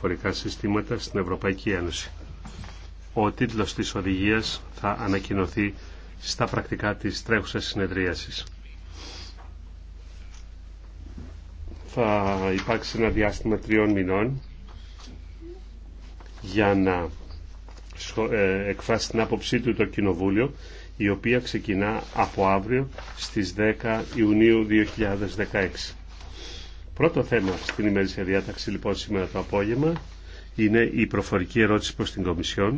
φορικά συστήματα στην Ευρωπαϊκή Ένωση. Ο τίτλος της οδηγίας θα ανακοινωθεί στα πρακτικά της τρέχουσας συνεδρίασης. Θα υπάρξει ένα διάστημα τριών μηνών για να ε, εκφράσει την άποψή του το Κοινοβούλιο η οποία ξεκινά από αύριο στις 10 Ιουνίου 2016. Πρώτο θέμα στην ημερήσια διάταξη λοιπόν σήμερα το απόγευμα είναι η προφορική ερώτηση προς την Κομισιόν